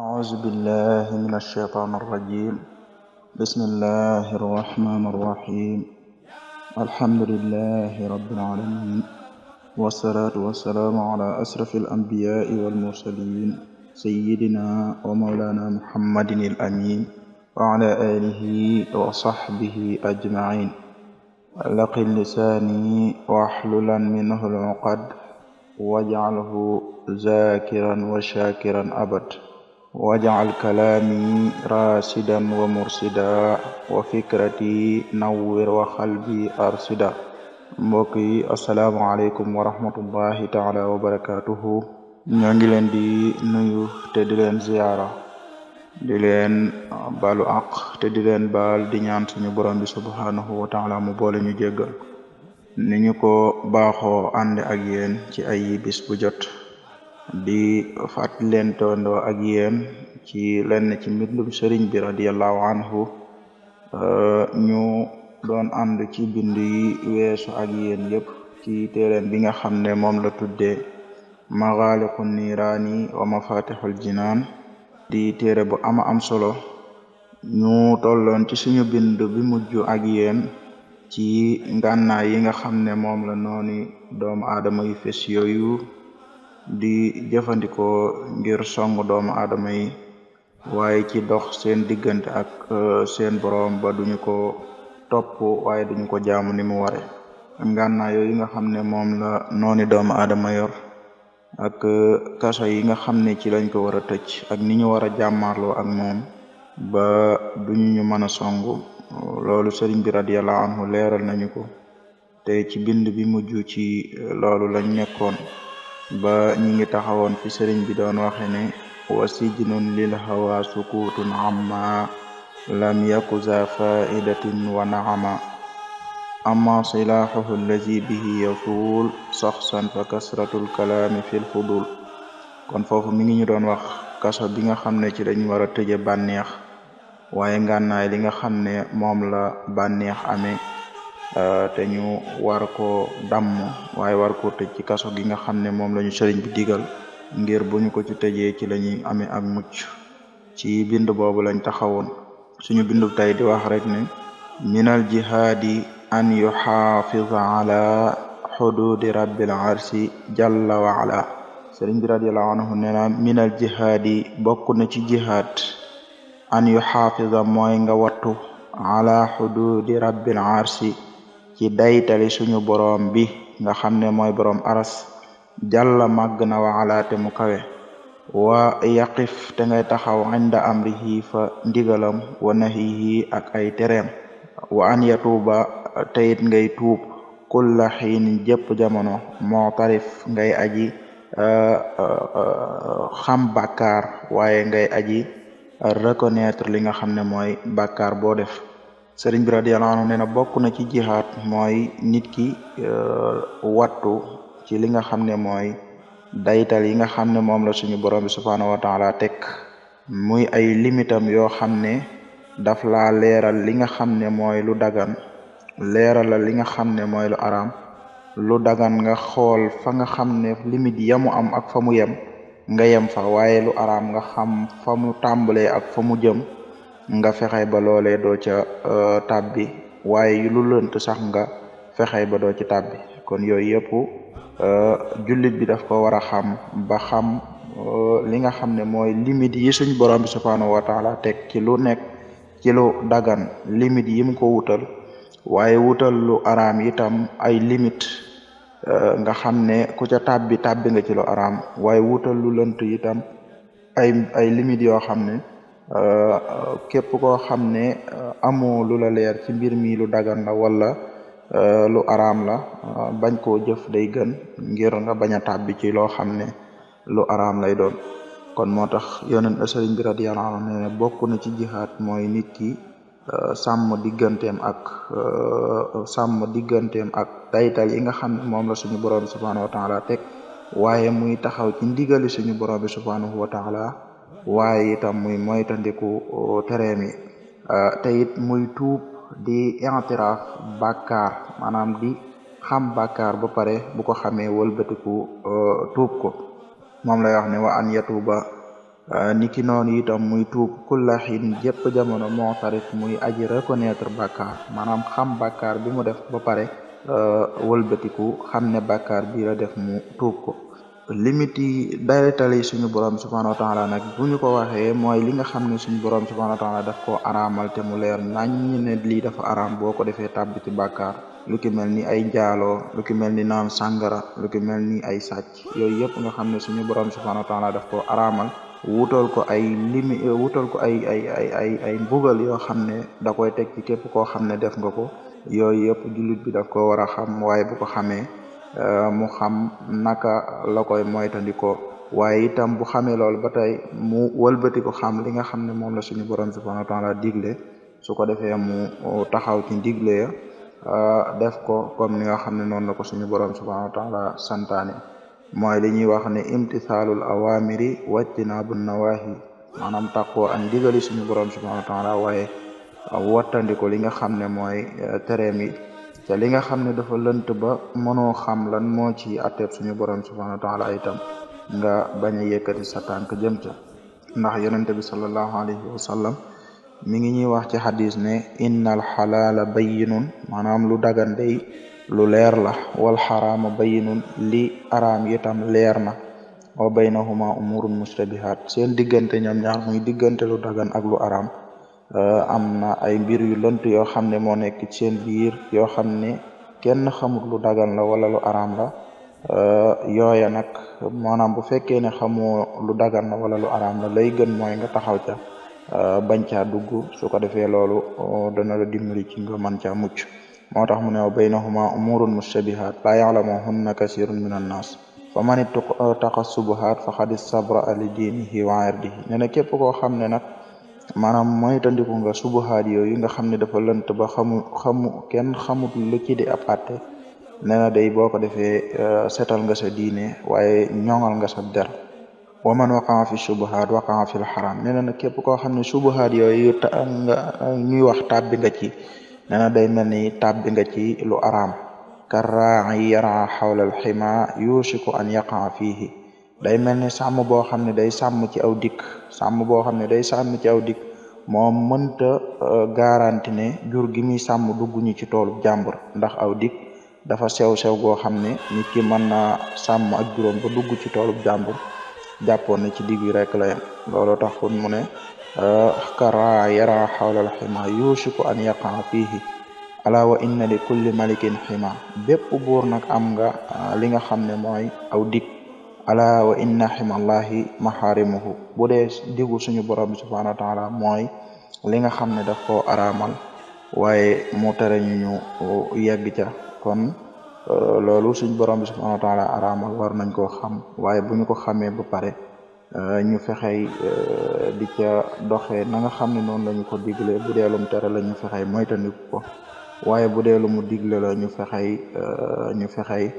أعوذ بالله من الشيطان الرجيم بسم الله الرحمن الرحيم الحمد لله رب العالمين والصلاة والسلام على أشرف الأنبياء والمرسلين سيدنا ومولانا محمد الأمين وعلى آله وصحبه أجمعين علق لساني واحللا منه العقد واجعله ذاكرا وشاكرا أبد waj'al kalaami raashidan wa mursida wa fikrati nawwir wa qalbi arshida mbokk yi asalaamaaleykum wa rahmatullahi taala wa barakatuhu ñoo ngi leen di nuyu te di leen ziyaara di leen baalu àq te di leen baal di ñaan suñu bi subhaanahu wa taala mu boole ñu jéggal ni ñu ko baaxoo ànd ak yéen ci ay bis bu jot di fàttalentondoo ak yéen ci lenn ci mbindum sëriñ bi radiallahu anhu ñu doon ànd ci bind yi weesu ak yéen yépp ci téereem bi nga xam ne moom la tudde maxaaliqu niiraani wa mafatixul jinaan di téere bu ama am solo ñu tolloon ci suñu bind bi mujj ak ci ngànnaay yi nga xam ne moom la nooni doomu aadama yu fes yooyu di jëfandikoo ngir song doomu aadama yi waaye ci dox seen diggante ak euh, seen borom ba duñu ko topp waaye duñu ko jaamu ni mu ware ngànnaa yooyu nga xam ne moom la nooni doomu aadama yor ak euh, kaso yi nga xam ne ci lañ ko war a tëj ak ni ñu war a jàmmaarloo ak moom ba duñu ñu mën a songu loolu sëriñ bi radiyallahu anhu leeral nañu ko te ci bind bi mujj ci euh, loolu lañ nekkoon ba ñi ngi taxawoon fi sëriñ bi doon waxe ne wa sijnun lil hawa sukutun amma lam yaku za faidatin wa naama amma silahuhu allazi bihi yasuul fa kasratul kalaami fil fudul kon foofu mi ngi ñu doon wax kaso bi nga xam ne ci dañ war a tëje bànneex waaye ngànnaay li nga moom la bànneex amee Euh, te ñu war ko damm waaye war ko tëj ci kaso gi nga xam ne moom lañu ñu sëriñ bi digal ngir bu ñu ko ci tëjee ci la ñuy amee ak mucc ci bind boobu lañ taxawoon suñu bindu tey di wax rek ne minal jihaadi an yuxaafisa ala xududi jalla wa bi radiallahu anhu nee bokk na ci jihaad an yuxaafisa mooy nga wattu ala xududi rabbil arsi ci daytali suñu boroom bi nga xam ne mooy boroom aras jàlla màgg na wa alaate mu kawe wa yaqif te ngay taxaw inda amrihi fa ndigalam wa nahihi ak ay tereem wa an yatuuba teyit ngay tuub kulla xiin jëpp jamono moo tarif ngay aji euh, euh, xam bàkkaar waaye ngay aji reconnaître li nga xam ne mooy bàkkaar boo def sëriñ bi radiyallahu anhu na bokk na ci jihaad mooy nit ki euh, wattu ci li nga xam ne mooy daytal yi nga xam ne moom la suñu borom bi subhaanahu wa taala teg muy ay limitam yoo xam ne daf la leeral li nga xam ne mooy lu dagan leeral la li nga xam ne mooy lu araam lu dagan nga xool fa nga xam ne limite yamu am ak fa mu yem nga yem fa waaye lu aram nga xam fa mu tàmbalee ak fa mu jëm nga fexey ba loolee doo ca euh, tàbbi waaye lu lënt sax nga fexey ba doo ci tàbbi kon yooyu yëpp euh, jullit bi daf ko war a xam ba xam euh, li nga xam ne mooy limite yi suñ borom bi subhanahu wa taala teg ci lu nekk ci dagan limite yi mu ko wutal waaye wutal lu araam itam ay limite nga xam ne ku ca tabbi tàbbi nga ci lu araam waaye wutal lu lënt itam ay ay limite yoo xam ne Euh, képp koo xam ne euh, amoo lu la leer ci mbir mi lu dagan la wala euh, lu araam la bañ koo jëf day gën ngir nga bañ a tàbbi ci loo xam ne lu araam lay doon kon moo tax yonent sëriñ bi radiyallahu anhu ne bokk na ci jihaad mooy nit ki sàmm digganteem ak sàmm digganteem ak daytal yi nga xam ne moom la suñu borom bi subhanahu wa taala teg waaye muy taxaw ci ndigali suñu borom bi subhanahu wa taala waaye itam muy moytandiku tereem yi ah, te it muy tuub di i'tiraaf bàkkaar maanaam di xam bàkkaar ba pare bu ko xamee wëlbatiku ah, tuub ko moom lay wax ne wa an yatuuba ah, niki noonu itam muy tuub kulla xin jëpp jamono moo tarif muy aji reconnaître bàkkaar maanaam xam bàkkaar bi mu def ba pare wëlbatiku xam ne bàkkaar bi la def mu tuub ko limite yi daytal yi suñu borom subhanahu wa taala nag bu ñu ko waxee mooy li nga xam ne suñu borom subhanahu wa taala daf koo araamal te mu leer nañ ñi ne lii dafa araam boo ko defee tàbbi ci bàkkaar lu ki mel ni ay njaaloo lu ki mel ni naan sàngara lu ki mel ni ay sàcc yooyu yëpp nga xam ne suñu borom subhanahu wa taala daf koo araamal wutal ko ay limi wutal ko ay ay ay ay ay mbugal yoo xam ne da koy teg ci képp koo xam ne def nga ko yooyu yëpp jullit bi daf ko war a xam waaye bu ko xamee Euh, mu xam naka la koy moytandikoo waaye itam bu xamee loolu ba tey mu wëlbati ko xam li nga xam ne moom la suñu borom subhanahu wa taala digle su ko defee mu uh, taxaw ci digle ya uh, def ko comme ni nga xam ne noonu la ko suñu borom subhanahu wa taala santaane mooy li ñuy wax ne imtisaalul awamiri wajtinaabu nawahi maanaam taqoo ak digali suñu borom subhanahu wa taala waaye uh, wattandiko li nga xam ne mooy tereem mi te li nga xam ne dafa lënt ba mënoo xam lan moo ci atteeb suñu borom subhanahu wa taala itam nga bañ a yëkkati sa tànk ndax yonent bi sallallahu alayhi wa mi ngi ñuy wax ci xadis ne innal xalaala bayyinun maanaam lu dagan day lu leer la wal xaraama bayyinun li araam yitam leer na wa baynahuma umurun mustabihaat seen diggante ñoom ñaar muy diggante lu dagan ak lu araam Euh, am na ay mbir yu lënt yoo xam ne moo nekk ci seen biir yoo xam ne kenn xamut lu dagan la wala lu araam la euh, yooya nag maanaam bu fekkee ne xamoo lu dagan la wala lu araam la lay gën mooy nga taxaw ca euh, bañ caa dugg su ko defee loolu dana la dimbali ci nga mën caa mucc moo tax mu ne baynahuma umurun mushtabihat la ya'lamuhunna kasirun min annas fa man ittaqa subuhat faqad istabra li dinihi wa irdihi nee na képp koo xam ne nag maanaam moytandiku nga subuhaat yooyu nga xam ne dafa lënt ba xamu xamu kenn xamut lu ci di ab àtte nee na day boo ko defee euh, setal nga sa diine waaye ñoŋal nga sa der wa man waqaa fi subuhaat waqaa fi lxaram nee na képp koo xam ne subuhaat yooyu ta nga ñuy wax tàbbi nga ci nee na day mel ni tàbbi nga ci lu araam karraayi yara xawla alxima yusiku an yaqaa fiihi day mel ni sàmm boo xam ne day sàmm ci aw dikk sàmm boo xam ne day sàmm ci aw dikk moom mënta euh, garanti ne jur gi muy sàmm dugg ñu ci toolu jàmbur ndax aw dikk dafa sew-sew goo xam ne nit ki mën naa sàmm ak juróom dugg ci toolu jàmbur jàppoon na ci digg rek la yam tax kon mu ne euh, kara yara xawlal xima yuusiku an yaqa fiihi ala wa inna li kulli malikin xima bépp buur nag am nga euh, li nga xam ne mooy aw dikk ala wa inna ximallahi maxaarimuhu bu dee digu suñu borom bi subhanahu wa taala mooy li nga xam ne daf koo aramal waaye mu tere ñu ñu yegg ca kon euh, loolu suñ borom bi subhanahu wa taala araamal war nañ koo xam waaye bu ñu ko xamee ba pare euh, ñu fexey euh, dica ca doxee na nga xam ne noonu la ñu ko digle bu dee tere la ñu fexey moytandiku ko waaye bu dee mu digle la ñu fexey ñu fexey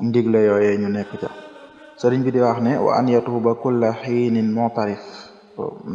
ndigle yooyee ñu nekk ca sëriñ bi di wax ne wa an yatuuba kulla xiinin mutarif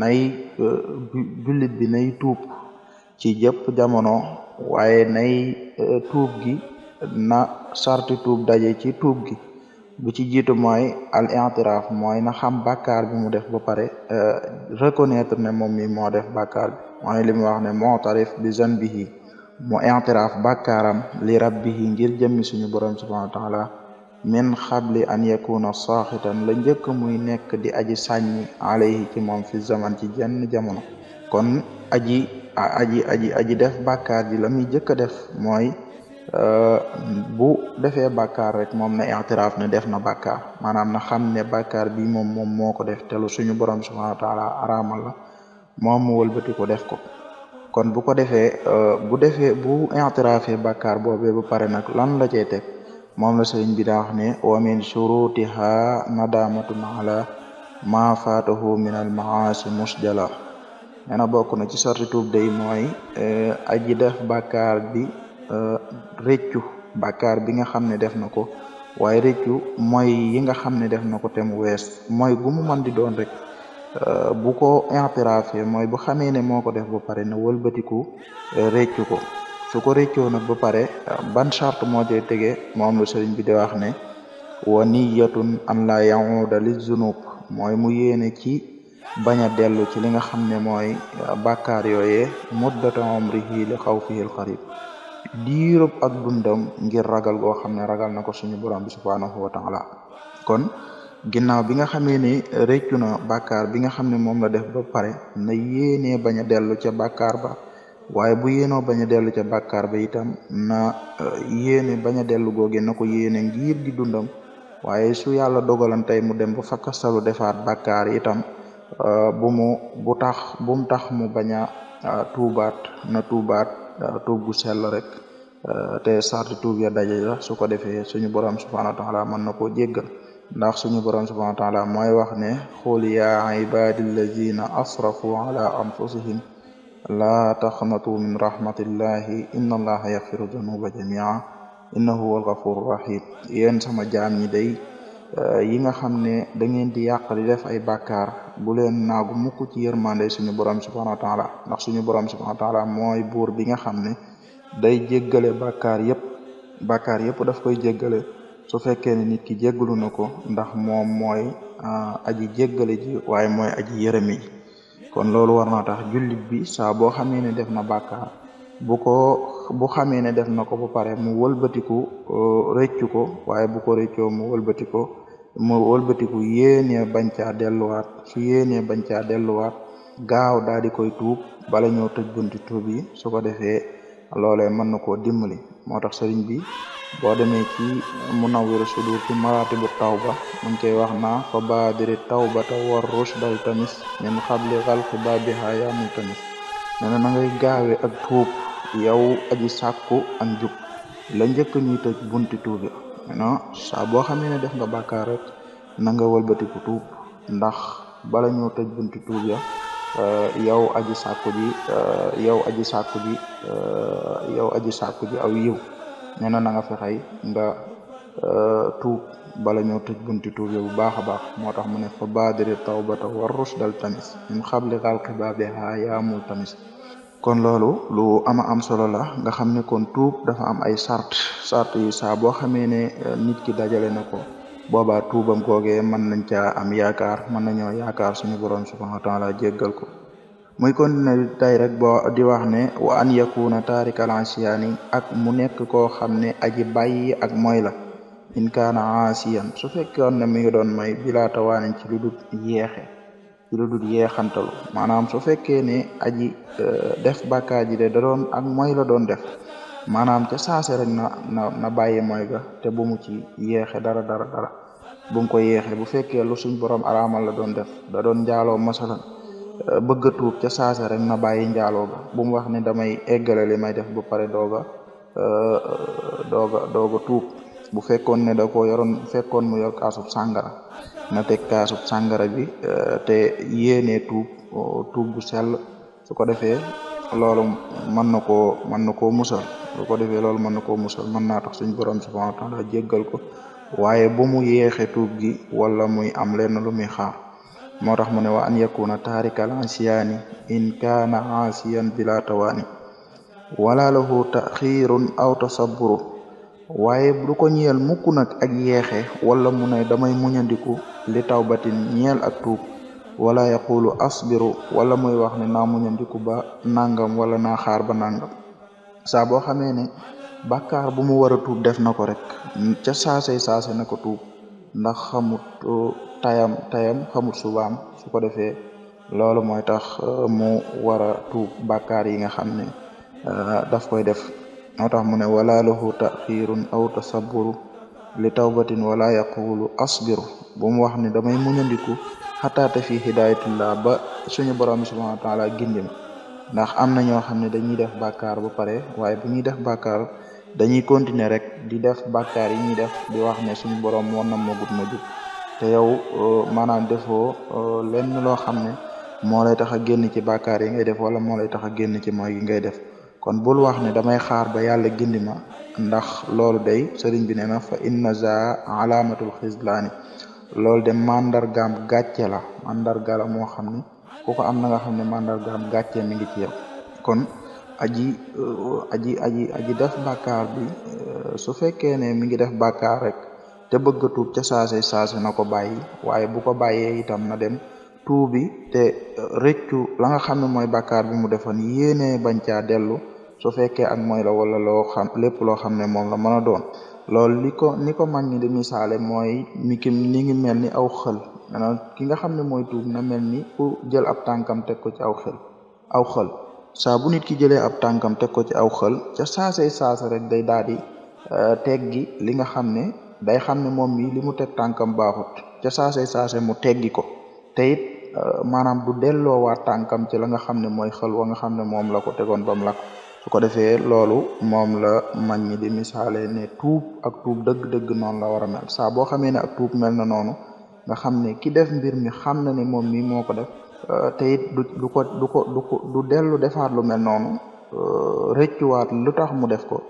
nay euh, jullit bi nay tuub ci jëpp jamono waaye nay euh, tuub gi na sarti tuub daje ci tuub gi bu ci jiitu mooy al i'tiraf mooy na xam bakar bi mu def ba pare euh, reconnaître ne moom mi moo def bàkkaar bi mooy li mu wax ne mutarif bi zanbihi mu i'tiraf bàkkaaram li rabbihi ngir jëmmi suñu borom subhanahu wa taala min xable an yakuna saaxitan la njëkk muy nekk di aji sàññi alayhi ci moom fi zaman ci jenn jamono kon aji aji aji aji def bàkkaar ji la muy jëkk a def mooy euh, bu defee bàkkaar rek moom na i'tiraaf ne def na bàkkaar maanaam na xam ne bàkkaar bi moom moom moo ko def te lu suñu borom subhanahu wa taala araamal la moom mu wëlbati ko def ko kon bu ko defee euh, bu defee bu i'tiraafee bàkkaar boobee ba pare nag lan la cay teg moom la sëriñ bi daa wax ne wa min shurutiha nadamatun ala ma fatahu min al maasi musjala nee na bokk na ci sarti tuub day mooy eh, aji def bàkkaar bi eh, rëccu bakar bi nga xam ne def na ko waaye rëccu mooy yi nga xam ne def na ko te mu wees mooy gu di doon rek eh, bu ko intiraafe mooy bu xamee ne moo ko def ba pare na wëlbatiku rëccu ko su ko réccoo nag ba pare ban charte moo cay tege moom lu sëriñ bi di wax ne wa niyatun an la yahuda li zunub mooy mu yéene ci bañ a dellu ci li nga xam ne mooy uh, bàkkaar yooyee muddata umrihi li xawfihi al qarib diirub ak dundam ngir ragal goo xam ne ragal na ko suñu borom bi subhanahu wa taala kon ginnaaw bi nga xamee ne réccu na bàkkaar bi nga xam ne moom la def ba pare na yéenee baña dellu ca bàkkaar ba waaye bu yéenoo bañ a dellu ca bàkkaar ba itam na eh, yéene bañ a dellu googe na ko yéene ngir di dundam waaye su yàlla dogalan tey mu dem ba fakkastalu defaat bàkkaar itam eh, bu mu bu tax bu mu tax mu bañ a eh, tuubaat na tuubaat tuub gu sell rek te sarti tuub ya daje la su ko defee suñu borom subhanahu wa taala mën na koo jéggal ndax suñu borom subhanahu wa taala mooy wax ne xool yaa ibadi allazina asrafu ala anfusihim laa taqnatuu min rahmatillahi inna allaha yaxfiru dunuba jamia innahu huwal gafuru sama jaam ñi euh, yi nga xam ne da ngeen di yàq di ay bàkkaar bu leen naagu mukk ci yërmande suñu borom subhanahu wa taala ndax suñu borom subhanahu wa taala mooy buur bi nga xam ne day jéggale bàkkaar yépp bàkkaar yépp daf koy jéggale su fekkee ne nit ki jéggalu na ko ndax moom mooy euh, aji jéggale ji waaye mooy aji yërëmi kon loolu war na tax jullit bi saa boo xamee ne def na bàkkaar bu ko bu xamee ne def na ko ba pare mu wëlbatiku euh, rëccu ko waaye bu ko rëccoo mu wëlbati ko mu wëlbatiku yéenee bañ caa delluwaat su yéenee bañ caa delluwaat gaaw daal koy tuub bala ñoo toj bunti tuub yi su ko defee loolee mën na koo dimbali moo tax sëriñ bi boo demee ci Munawwirus Sudur ci maratibu tawba mu ngi koy wax naa fa ba tawbata war rushdal tamis min xabli xalqi baabiha yaa multamis nee na na ngay gaawe ak tuub yow aji sàkku ak jub la njëkk ñuy tëj bunti tuubi non saa boo xamee ne def nga bàkkaar rek na nga wëlbatiku tuub ndax bala ñoo tëj bunti tuub ya Eh, yow aji sàkku ji eh, yow aji sàkku ji eh, yow aji sàkku ji aw yiw nee na na nga fexey nga tuub bala ñoo toj bunti tuube bu baax a baax moo tax mu ne fa baadiri taw war rus dal tamis min xabli xalqi baabiha yaamul tamis kon loolu lu ama am solo la nga xam ne kon tuub dafa am ay sart sart yi saa boo xamee ne nit ki dajale na ko boobaa tuubam googee mën nañ caa am yaakaar mën nañoo yaakaar suñu borom subhanahu wa taala jéggal ko muy kon tey rek boo di wax ne wa an yakuna taarikal asiyaani ak mu nekk koo xam ne aji bàyyi ak mooy la in kaana asiyan su fekkoon ne mi ngi doon mooy bilaa ci lu dul yeexe ci lu maanaam su fekkee ne aji euh, def bàkkaar ji de da ak mooy la doon def maanaam ca saase rek na na na bàyyi mooy ga te bu mu ci yeexe dara dara dara bu ko yeexe bu fekkee lu suñ borom araamal la doon def da doon njaaloo masalan euh, bëgg a tuub ca saase rek na bàyyi njaaloo ga bu mu wax ne damay eggale li may def ba pare dooga euh, dooga dooga tuub bu fekkoon ne da ko yoroon fekkoon mu yor kaasub sàngara na teg kaasub sàngara bi euh, te yéenee tuub tuub bu sel su ko defee loolu mën na ko mën na koo musal bu ko defee loolu mën na koo musal mën naa tax suñ borom subhanahu wa taala jéggal ko waaye bu mu yeexe tuub gi wala muy am lenn lu muy xa moo tax mu ne wa an yakuna taarikal asiyaani in kaana asiyan bila tawaani wala lahu taxirun aw tasabburu waaye du ko ñeel nag ak yeexe wala mu ne damay muñandiku li tawbatin ñeel ak tuub wala yaqulu asbiru wala muy wax ne naa muñandiku ba nangam wala naa xar ba nangam saa boo xamee ne bàkkaar bu mu war a tuub def na ko rek ca saase saase na ko tuub ndax xamut uh, tayam tayam xamut subaam su ko defee loolu mooy tax uh, mu war tuub bàkkaar yi nga xam ne uh, daf koy def moo tax mu ne wala lahu taxirun aw tasaburu li tawbatin wala yaqulu asbiru bu mu wax ne damay muñandiku xataata fi hidayatullah ba suñu borom bi subhanahu wa taala gindi ndax am na ñoo xam ne dañuy def bàkkaar ba pare waaye bu ñuy def bàkkaar dañuy continuer rek di def bàkkaar yi ñuy def di wax ne suñu borom moo nam magut ma jub te yow euh, maanaam defoo euh, lenn loo xam ne moo lay tax a génn ci bàkkaar yi ngay def wala moo lay tax a génn ci mooy yi ngay def kon bul wax ne damay xaar ba yàlla gindi ma ndax loolu day sëriñ bi nee na fa inna za alaamatul xislaani loolu de mandargaam gàcce la mandarga la moo xam ne ku ko am na nga xam ne mandargaam gàcce mi ngi ci kon aji uh, aji aji aji def bàkkaar bi uh, su fekkee ne mi ngi def bàkkaar rek te bëgg tuub ca saase saase na ko bàyyi waaye bu ko bàyyee itam na dem tuubi te uh, rëccu la nga xam ne mooy bàkkaar bi mu defoon yéenee bañ caa dellu su fekkee ak mooy la wala loo xam lépp loo xam ne moom la mën a doon loolu li ko ni ko mag ñi di misaale mooy mi ki ngi mel ni aw xël maanaam ki nga xam ne mooy tuub na mel ni ku jël ab tànkam teg ko ci aw xël aw xël saa bu nit ki jëlee ab tànkam teg ko ci aw xël ca saasay saasa rek day daal di euh, teggi li nga xam ne day xam ne moom mi li mu teg tànkam baaxut ca saasay saase mu teggi ko te it euh, maanaam du delloowaat tànkam ci la nga xam ne mooy xël wa nga xam ne moom la ko tegoon ba mu su ko defee loolu moom la mag ñi di misaale ne tuub ak tuub dëgg-dëgg noonu la war a mel saa boo xamee ne ak tuub mel na noonu nga xam ne ki def mbir mi xam na ne moom mi moo ko def euh, te it du ko du ko du ko du dellu defaat lu mel noonu euh, rëccuwaat lu tax mu def ko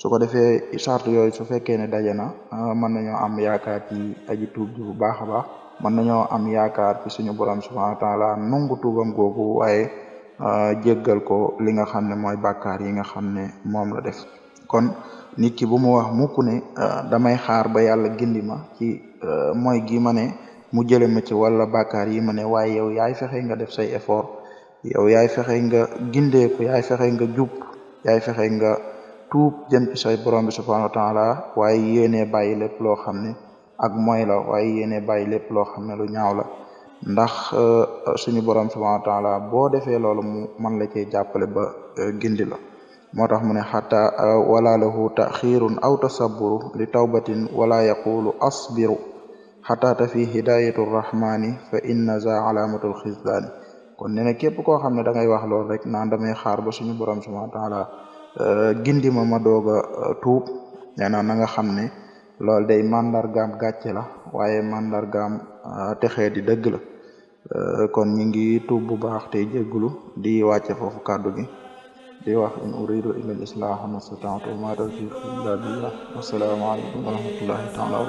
su ko defee charte yooyu su fekkee ne daje na euh, mën nañoo am yaakaar ci aji tuub ji bu baax a baax mën nañoo am yaakaar ci suñu borom subhanahu wa taala nungu tuubam googu waaye jéggal ko li nga xam ne mooy bàkkaar yi nga xam ne moom la def kon nit ki bu mu wax mukk ne ah, damay xaar ba yàlla gindi ma ci ah, mooy gi ma ne mu jële ma ci wala bàkkaar yi ma ne waaye yow yaay fexe nga def say effort yow yaay fexe nga gindeeku yaay fexe nga jub yay fexe nga tuub jëm ci say borom bi subhanahu wa taala waaye yéenee bàyyi lépp loo xam ne ak mooy la waaye yéenee bàyyi lépp loo xam ne lu ñaaw la ndax eh, suñu borom subhanahu wa taala boo defee loolu mu man la cee jàppale ba eh, gindi la moo tax mu ne xata eh, wala lahu taxirun aw tasaburu li tawbatin wala yaqulu asbiru xata ta fi hidayatu rahmani fa inna za alamatul xisdaani kon nee na képp koo xam ne da ngay wax loolu rek naan damay xaar ba suñu borom subhanahu wa taala gindi ma ma tuub nee na na nga xam ne loolu day mandargaam gàcce la waaye mandargaam texee di dëgg la Euh, kon ñi ngi tuub bu baax tey jégglu di wàcce foofu kàddu gi di wax in uridu illal islaaha mastata'tu ma tawfiqi illa billah wasalaamu aleykum wa rahmatullahi taala wa